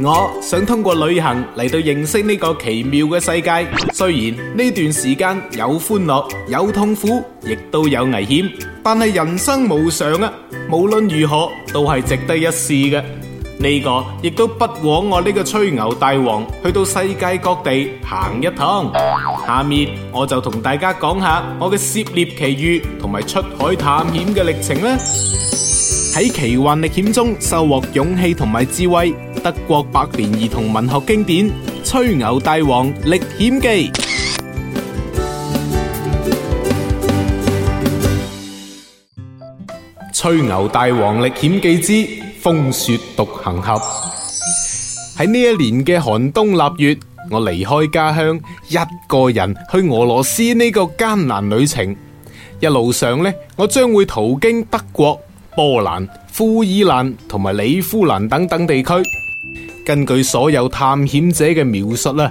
我想通過旅行嚟到認識呢個奇妙嘅世界。雖然呢段時間有歡樂、有痛苦，亦都有危險，但係人生無常啊！無論如何，都係值得一試嘅。呢個亦都不枉我呢個吹牛大王去到世界各地行一趟。下面我就同大家講下我嘅涉獵奇遇同埋出海探險嘅歷程啦。喺奇幻歷險中收穫勇氣同埋智慧。德國百年兒童文學經典《吹牛大王歷險記》《吹牛大王歷險記之風雪獨行俠》喺呢一年嘅寒冬臘月，我離開家鄉，一個人去俄羅斯呢個艱難旅程。一路上呢，我將會途經德國、波蘭、庫爾蘭同埋里夫蘭等等地區。根據所有探險者嘅描述，呢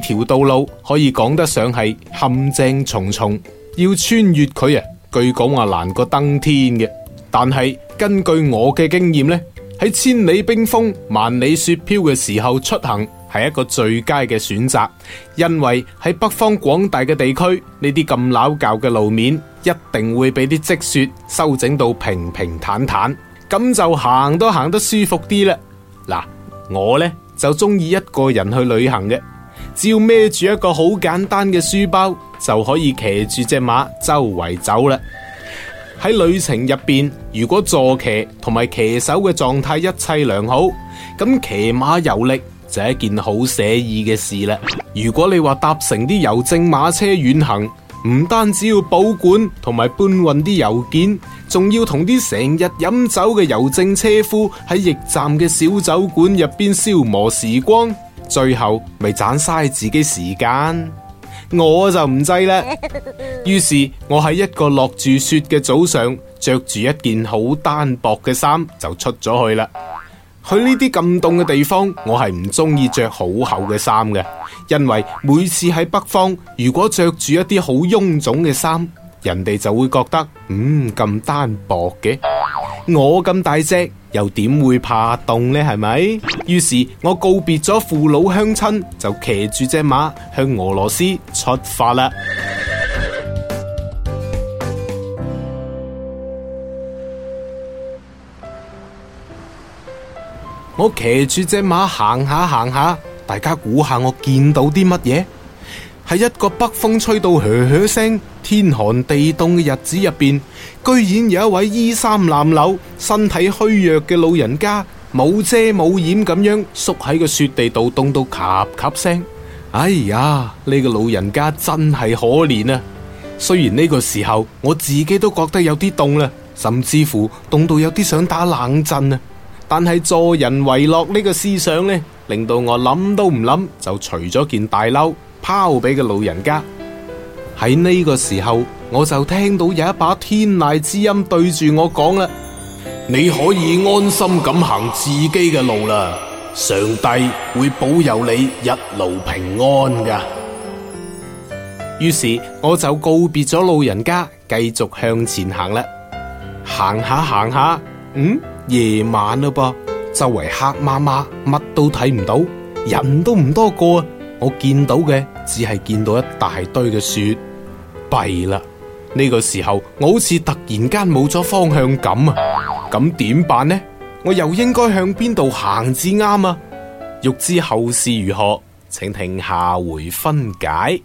條道路可以講得上係陷阱重重，要穿越佢啊，據講話難過登天嘅。但係根據我嘅經驗呢，喺千里冰封、萬里雪飄嘅時候出行係一個最佳嘅選擇，因為喺北方廣大嘅地區，呢啲咁老舊嘅路面一定會俾啲積雪修整到平平坦坦坦，咁就行都行得舒服啲啦。嗱。我呢，就中意一個人去旅行嘅，只要孭住一個好簡單嘅書包就可以騎住隻馬周圍走啦。喺旅程入邊，如果坐騎同埋騎手嘅狀態一切良好，咁騎馬遊歷就係一件好寫意嘅事啦。如果你話搭乘啲郵政馬車遠行。唔單止要保管同埋搬運啲郵件，仲要同啲成日飲酒嘅郵政車夫喺驛站嘅小酒館入邊消磨時光，最後咪盞嘥自己時間。我就唔制啦。 於是，我喺一個落住雪嘅早上，着住一件好單薄嘅衫就出咗去啦。去呢啲咁凍嘅地方，我係唔中意着好厚嘅衫嘅，因為每次喺北方，如果着住一啲好臃腫嘅衫，人哋就會覺得，嗯，咁單薄嘅，我咁大隻，又點會怕凍呢？係咪？於是，我告別咗父老鄉親，就騎住隻馬向俄羅斯出發啦。我騎住隻馬行下行下，大家估下我見到啲乜嘢？係一個北風吹到噓噓聲、天寒地凍嘅日子入邊，居然有一位衣衫襤褸、身體虛弱嘅老人家，冇遮冇掩咁樣縮喺個雪地度凍到咔咔聲。哎呀，呢、這個老人家真係可憐啊！雖然呢個時候我自己都覺得有啲凍啦，甚至乎凍到有啲想打冷震啊！但係助人為樂呢個思想呢，令到我諗都唔諗就除咗件大褸，拋俾個老人家。喺呢個時候，我就聽到有一把天籟之音對住我講啦，你可以安心咁行自己嘅路啦，上帝會保佑你一路平安噶。於是我就告別咗老人家，繼續向前行啦。行下行下，嗯。夜晚啦噃，周圍黑麻麻，乜都睇唔到，人都唔多過啊！我見到嘅只係見到一大堆嘅雪，弊啦！呢個時候我好似突然間冇咗方向感啊！咁點辦呢？我又應該向邊度行至啱啊？欲知後事如何，請聽下回分解。